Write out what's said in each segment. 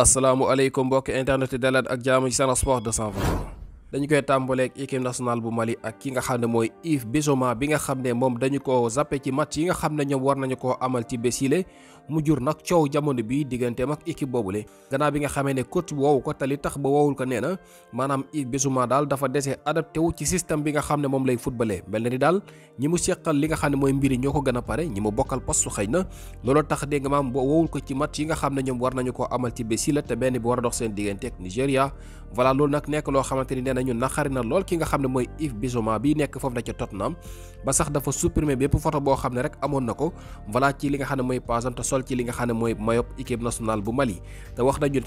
asalaamualeykum mbokk internet yi dalal ak jaamu ci Sen Sport 221 dañ koy tambolek ak équipe nationale bu Mali ak ki nga xamné moy Yves Bissouma bi nga xamné mom dañ ko zappé ci match yi nga xamné ñom war nañ ko amal ci Bessilé mu jur nak ciow jamono bi digënté mak équipe bobulé gannaaw bi nga xamé né coach woowu ko tali tax ba woowul ko néna manam Yves Bissouma dal dafa déssé adapté wu ci système bi nga xamné mom lay footballé melni na ni daal ñi mu sékkal li nga xamné moy mbiri ñoko gëna paré pare ñi mu bokal postu xeyna lolo tax dégg maam bo woowul ko ci match yi nga xamné ñom war nañ ko amal ci Bessilé té bénn bi wara dox seen digënté ak Nigeria voilà lool nak nek lo xamanteni néna nañu naqari na lool ki nga xam ne mooy Yves Bissouma bi nekk foofu na ca Tottenham ba sax dafa supprimer bépp photo boo xam ne rek amoon na ko voilà ci li nga xam ne mooy pasam li nga xam ne mooy mayop équipe nationale bu Mali te wax nañu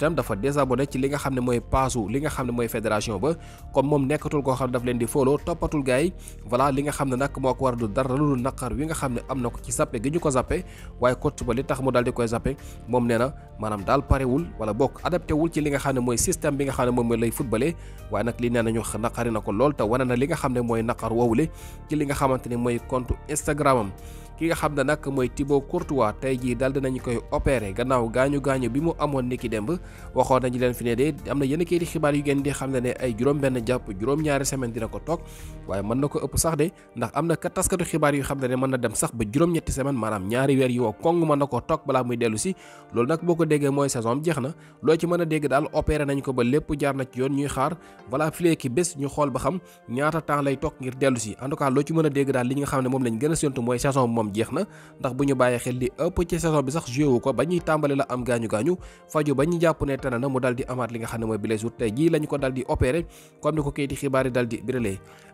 fédération ba comme moom nekkatul koo xam ne daf leen di follow toppatul gars yi li nga xam ne nag moo ko war du dara lu naqar wi nga xam ne am na ko ci zappe gi ñu ko zappe waaye coach ba li tax mu daal di koy zappe moom nee na maanaam daal parewul wala bokk adapté wul li nga xam ne mooy système bi nga xam ne moom mooy lay footballé nañu naqari na ko lool te wane na li nga xam ne mooy naqar wowule ci li nga xamante ni mooy compte Instagram ki nga xam ne nag mooy Thibaut Courtois tey jii dal dinañu koy opéré gannaaw gaañu gaañu bi mu amoon niki demb waxoon nañu leen fi ne de am na yenn kayiti xibaar yu ngeen di xam ne ne ay juróom-benn jàpp juróom-ñaari semaine dina ko toog waaye mën na ko ëpp sax de ndax am na taskatu xibaar yu xam ne ne mën na dem sax ba juróom-ñetti semaine maanaam ñaari weer yu woo kong mën na koo toog balaa muy dellu loolu nag boo ko déggee mooy saison jeex na loo ci mën a dégg daal opéré nañ ko ba lépp ba xam moom jeex na ndax bu ñu bàyyi xel li ëpp ci saison bi sax joué ko ba ñuy tàmbali la am gaañu gaañu faju ba ñu jàpp ne tane na mu dal amaat li nga xam ne mooy blessure tey jii lañu ko dal di comme ni ko kayiti xibaar yi dal di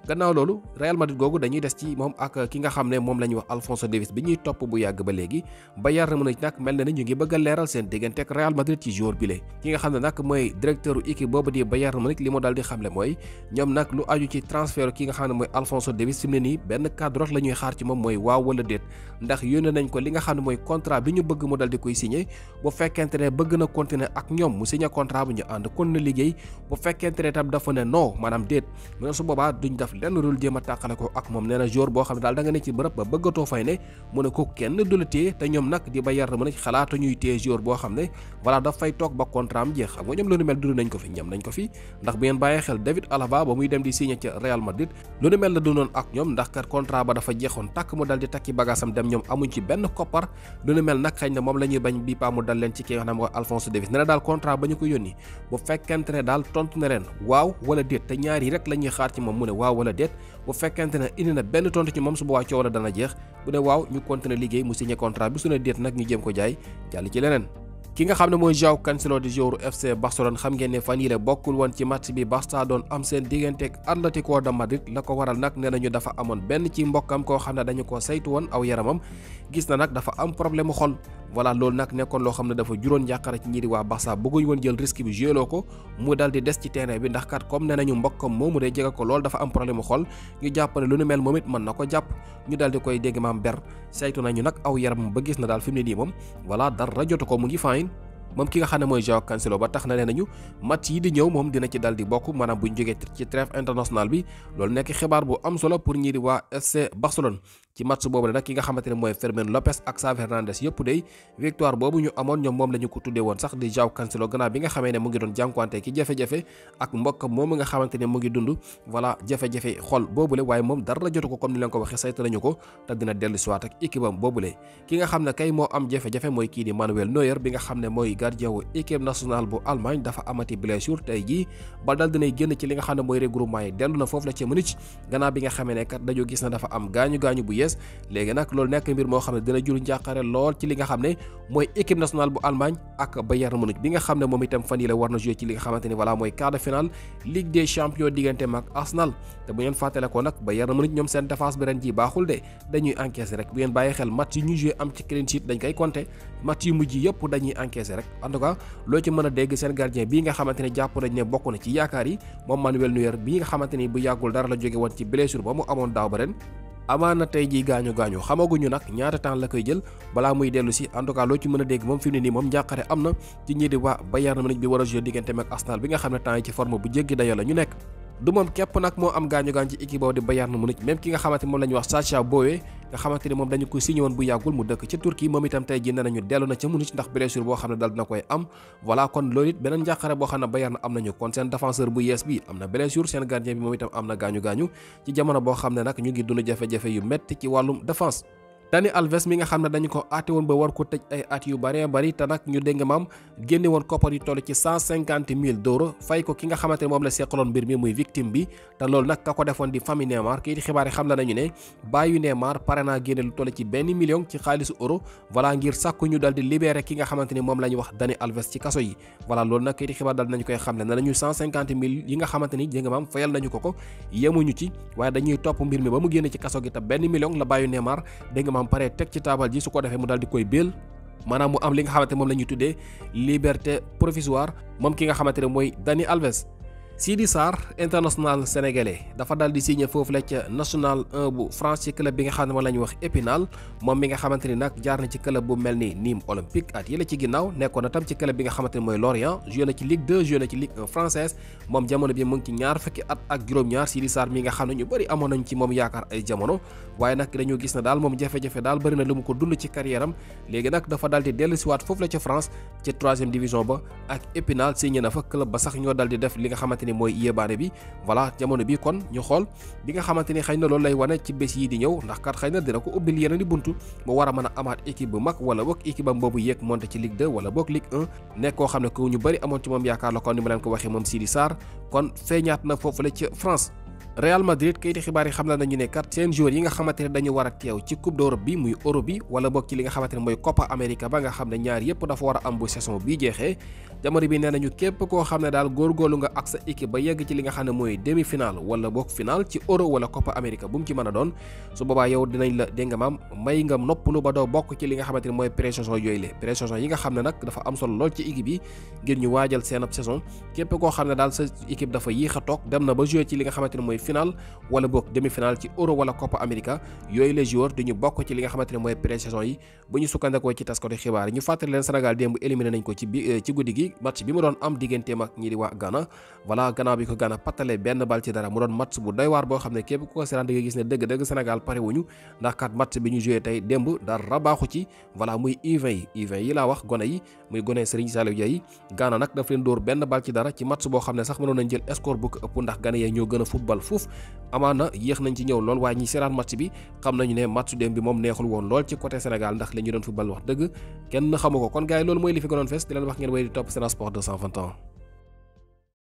gannaaw loolu Real Madrid googu dañuy des ci moom ak ki nga xam ne moom la wax Alphonso Davies bi ñuy topp bu yàgg ba léegi Bayern Munich nag mel na ni ñu ngi bëgg a leeral seen diggante ak Real Madrid ci jour bi déet ndax yónnee nañ ko li nga xam ne mooy contrat bi ñu bëgg mu dal di koy signé bu fekkente ne bëgg na continuer ak ñoom mu signé contrat bu ñu ànd kon na liggéey bu fekkente ne tam dafa ne non ne su boobaa duñ def lenn da nga ne xalaatu ñuy téye jour boo xam ne voilà daf toog ba contrat am jeex xam nga ñoom loolu mel dund nañ ak ñoom ndax kat contrat ba dafa jeexoon tàkk mu dal takki bagage bagaasam dem ñoom amuñ ci benn koppar lu nu mel nag xëy na moom la ñuy bañ bi paamu dal leen ci ki nga Alphonse Davies ne daal contrat ba ñu ko yónni bu fekkente ne daal tontu na leen waaw wala déet te ñaar yi rek la xaar ci moom mu ne waaw wala déet bu fekkente ne indi na benn tontu ci moom su boobaa coow la dana jeex bu ne waaw ñu continuer liggéey mu signé contrat bi su ne déet nag ñu jéem ko jaay jàll ci leneen ki nga xam ne mooy Joao Cancelo di joueur FC Barcelone xam ngeen ne fan yile bokkul woon ci match bi Barça doon am seen diggante ak Atlético de Madrid la ko waral nag nee nañu dafa amoon benn ci mbokkam koo xam ne dañu ko saytu woon aw yaramam gis na nag dafa am problème mu xol voilà loolu nag nekkoon loo xam ne dafa juróon njàqara ci ñi di waa Barça bëgguñ woon jël risque bi jéloo ko mu dal di des ci terrain bi ndax kat comme ne nañu mbokkam moomu day jege ko lool dafa am problème mu xol ñu jàpp ne lu nu mel moom it mën na ko jàpp ñu dal di koy dégg maam ber saytu nañu nag aw yaram ba gis na daal fi mu ne moom voilà dara jotu ko mu ngi faayin moom ki nga xam ne mooy Joao Cancelo ba tax na nee nañu match yi di ñëw moom dina ci dal di bokk maanaam bu ñu jógee ci trêve international bi loolu nekk xibaar bu am solo pour ñi di waa FC Barcelone ci match bobu nak ki nga xamantene moy Fermin Lopez ak Sa Hernandez yep dey victoire bobu ñu amone ñom mom lañu ko tuddé won sax di Joao Cancelo gëna bi nga xamé né mu ngi doon jankwanté ki jafe jafé ak mbokk mom nga xamante ne mu ngi dundu voilà jafe-jafe xol boobule way mom dara la jottu ko comme ni lañ ko waxé saytu lañu ko ta dina ci wat ak équipe am boobule ki nga xamné kay mo am jafe-jafe moy ki di Manuel Neuer bi nga xamné moy gardien wu équipe nationale bu Allemagne dafa amati blessure tay ji ba dal dinay génn ci li nga xamné moy regroupement yi déllu na fofu la ci Munich gëna bi nga xamé né kat dañu gis na dafa am gañu gañu bu yees léegi nag loolu nekk mbir moo xam ne dina jur njàqare lool ci li nga xam ne mooy équipe nationale bu Allemagne ak Bayern Munich xam ne moom itam fan yi na jouer ci li nga xamante ni voilà mooy quart de finale Ligue des champions diggante mag Arsenal bu ngeen fàttale ko nag Bayern Munich ñoom seen défense bi ren ji baaxul de dañuy encaisser rek bu ngeen bàyyi xel yu mujj yëpp dañuy encaisser rek en loo ci mën a seen gardien bii nga xamante ne jàpp nañ ne bokk na ci yaakaar yi moom Manuel xamante ni bu yàggul dara la jóge woon ci blessure ba mu amoon daaw ba ren amaana tey jii gaañu gaañu xamaguñu nag ñaata temps la koy jël balaa muy dellu si en tout cas loo ci mën a dégg moom fi mu ne nii moom njàqare am na ci ñii di waa Bayern Munich bi war a joué digganteem ak Arsenal bi nga xam ne temps yi ci forme bu jéggi dayo la ñu nekk du moom képp nag moo am gaañu gaañ ci équipe boobu di Bayern Munich même ki nga xamante moom la ñuy wax Sacha Boey nga xamante ni moom dañu ko signé woon bu yàggul mu dëkk ci Turquie moom itam tey jii nee nañu dellu na ca Munich ndax blessure boo xam ne dal dina koy am voilà kon loolu it beneen njàqare boo xam ne Bayern am nañu kon seen défenseur bu yees bi am na blessure seen gardien bi moom itam am na gaañu gaañu ci jamono boo xam ne nag ñu ngi dund jafe-jafe yu metti ci wàllum défense Dani Alves mi nga xam ne dañu ko aate woon ba war ko tëj ay at yu bëree bëri te nag ñu dégg maam koppar yu toll ci cent cinquante ko ki nga xamante ne moom la seqaloon mbir mi muy victime bi te loolu nag ka ci benn million ci xaalisu euro voilà ngir sàkku ñu dal di nga xamante ni moom la ñu wax Dani Alves ci kaso yi voilà loolu nag kii di xibaar dal nañu koy xam ne nañu cent cinquante nañu ko ko yemuñu ci waaye dañuy topp mbir mi ba mu génne ci kaso gi te benn million la bàyyu Neymar dégg bam pare tek ci table ji su ko defee mu dal di koy béel manam mu am li nga xamante mom lañu ñuy liberté provisoire mom ki nga xamante moy Dani Alves Sidi Sarr international sénégalais dafa dal di signé foofu la ca national bu France ci club bi nga xam ne la ñuy wax Épinal moom mi nga xamante ni nag jaar na ci club bu mel ni Nîmes Olympique at yële ci ginnaaw nekkoon na tam ci club bi nga xamante ni mooy Lorient joué na ci Ligue 2 joué na ci Ligue 1 moom jamono bi mu ngi ñaar fukki at ak juróom-ñaar Sidi Sarr mi nga xam ne ñu bëri amoon nañ ci moom yaakaar ay jamono waaye nag na daal moom jafe-jafe daal bëri na lu mu ko dund ci carrière am léegi nag dafa dal di dellu nga xamante ni ne mooy yéebaane bi voilà jamono bi kon ñu xool bi nga xamante ni xëy na loolu lay wane ci bés yi di ñëw ndax kat xëy na dina ko ubbil yeneen buntu mu war a mën a amaat équipe bu mag wala boog équipe am boobu yéeg monté ci Ligue 2 wala boog Ligue 1 nekk koo xam ne ko ñu bëri amoon ci moom yaakaar la kon ni ma leen ko waxee moom Sidi Sarr kon feeñaat na foofu la ci France Real Madrid kayiti xibaar yi xam na nañu ne kat seen joueurs yi nga xamante dañu war a teew ci coupe d'Europe bi muy euro bi wala bokk ci li nga xamante mooy Copa America am bu ne daal góorgóorlu nga ak sa équipe li nga xam ne mooy demi final wala bokk final ci euro wala mu ci mën a doon su boobaa yow dinañ la dégg may nga noppalu ba doo bokk ci li nga xamante mooy pré-saison yi nga xam ne nag dafa am solo lool ci équipe yi ngir ñu waajal seen ab saison képp koo xam ne daal sa équipe dafa yéex a toog dem na ba jouer ci li nga xamante ne mooy final wala boog demi final ci euro wala Copa America yooyu les joueurs duñu bokk ci li nga xamante mooy pré-saison yi bu ñu sukkandikoo ci taskatu xibaar yi ñu fàttali leen Sénégal démb éliminé nañ ko ci bi euh, ci guddi gi match bi mu doon am digganteem ak ñi di waa Ghana voilà Ghana bi ko Ghana pattale benn bal ci dara mu doon match bu doy waar boo xam ne képp ku ko seetaan di gis ne dëgg-dëgg Sénégal pare wuñu ndax kat match bi ñu joué tey boo xam fuuf amaana yéex nañ ci ñëw lool waaye ñi seetaan match bi xam nañu ne match dem bi moom neexul woon lool ci côté Sénégal ndax li ñu doon football wax dëgg kenn xamu ko kon gars loolu mooy li fi gënoon fees di wax ngeen way di topp Sen Sports 221